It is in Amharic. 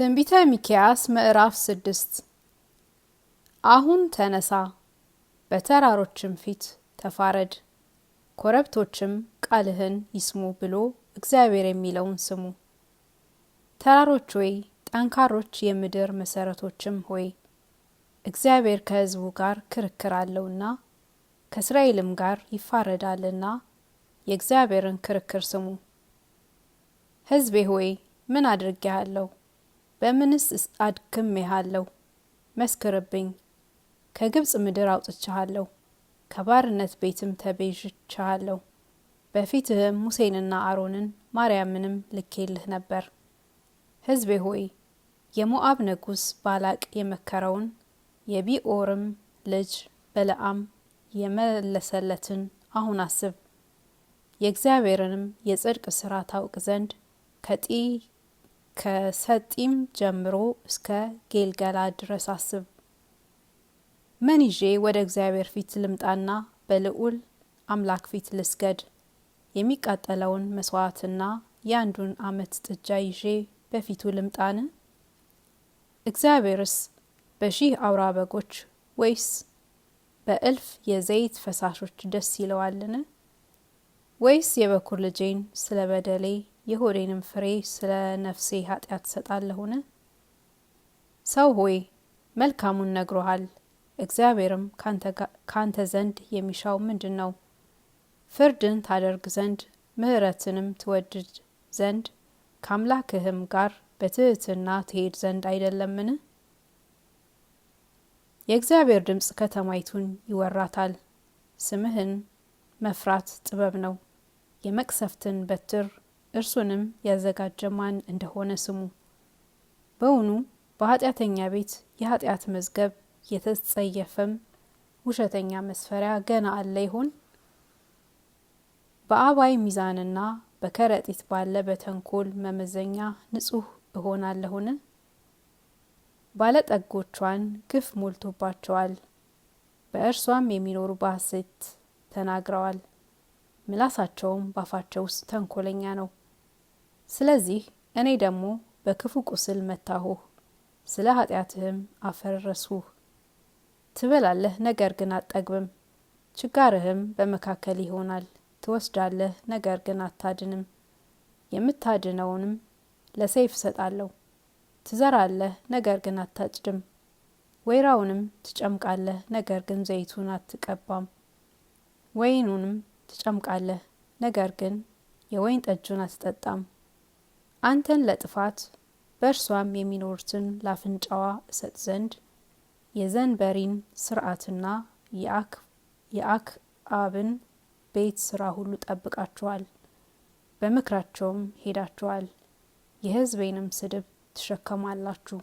ትንቢተ ሚክያስ ምዕራፍ ስድስት አሁን ተነሳ፣ በተራሮችም ፊት ተፋረድ፣ ኮረብቶችም ቃልህን ይስሙ ብሎ እግዚአብሔር የሚለውን ስሙ። ተራሮች ሆይ ጠንካሮች፣ የምድር መሰረቶችም ሆይ እግዚአብሔር ከሕዝቡ ጋር ክርክር አለውና ከእስራኤልም ጋር ይፋረዳልና የእግዚአብሔርን ክርክር ስሙ። ሕዝቤ ሆይ ምን አድርጌያለሁ? በምንስ አድክሜሃለሁ? መስክርብኝ። ከግብጽ ምድር አውጥቼሃለሁ፣ ከባርነት ቤትም ተቤዥቼሃለሁ። በፊትህም ሙሴንና አሮንን ማርያምንም ልኬልህ ነበር። ሕዝቤ ሆይ የሞአብ ንጉሥ ባላቅ የመከረውን የቢኦርም ልጅ በለዓም የመለሰለትን አሁን አስብ። የእግዚአብሔርንም የጽድቅ ስራ ታውቅ ዘንድ ከጢ ከሰጢም ጀምሮ እስከ ጌልገላ ድረስ አስብ። ምን ይዤ ወደ እግዚአብሔር ፊት ልምጣና በልዑል አምላክ ፊት ልስገድ? የሚቃጠለውን መስዋዕትና የአንዱን ዓመት ጥጃ ይዤ በፊቱ ልምጣን? እግዚአብሔርስ በሺህ አውራ በጎች ወይስ በእልፍ የዘይት ፈሳሾች ደስ ይለዋልን? ወይስ የበኩር ልጄን ስለ በደሌ የሆዴንም ፍሬ ስለ ነፍሴ ኃጢአት ትሰጣለሁን? ሰው ሆይ መልካሙን ነግሮሃል፣ እግዚአብሔርም ካንተ ዘንድ የሚሻው ምንድን ነው? ፍርድን ታደርግ ዘንድ ምሕረትንም ትወድድ ዘንድ ከአምላክህም ጋር በትህትና ትሄድ ዘንድ አይደለምን? የእግዚአብሔር ድምፅ ከተማይቱን ይወራታል። ስምህን መፍራት ጥበብ ነው። የመቅሰፍትን በትር እርሱንም ያዘጋጀ ማን እንደሆነ ስሙ። በውኑ በኃጢአተኛ ቤት የኃጢአት መዝገብ የተጸየፈም ውሸተኛ መስፈሪያ ገና አለ ይሆን? በአባይ ሚዛንና በከረጢት ባለ በተንኮል መመዘኛ ንጹህ እሆናለሁን? ባለጠጎቿን ግፍ ሞልቶባቸዋል፣ በእርሷም የሚኖሩ ባሴት ተናግረዋል። ምላሳቸውም ባፋቸው ውስጥ ተንኮለኛ ነው። ስለዚህ እኔ ደግሞ በክፉ ቁስል መታሁህ፣ ስለ ኃጢአትህም አፈረስሁህ። ትበላለህ፣ ነገር ግን አጠግብም ችጋርህም በመካከል ይሆናል። ትወስዳለህ፣ ነገር ግን አታድንም፣ የምታድነውንም ለሰይፍ እሰጣለሁ። ትዘራለህ፣ ነገር ግን አታጭድም፣ ወይራውንም ትጨምቃለህ፣ ነገር ግን ዘይቱን አትቀባም፣ ወይኑንም ትጨምቃለህ፣ ነገር ግን የወይን ጠጁን አትጠጣም። አንተን ለጥፋት በእርሷም የሚኖሩትን ላፍንጫዋ እሰጥ ዘንድ የዘንበሪን ስርዓትና የአክአብን ቤት ስራ ሁሉ ጠብቃችኋል፣ በምክራቸውም ሄዳችኋል፣ የሕዝቤንም ስድብ ትሸከማላችሁ።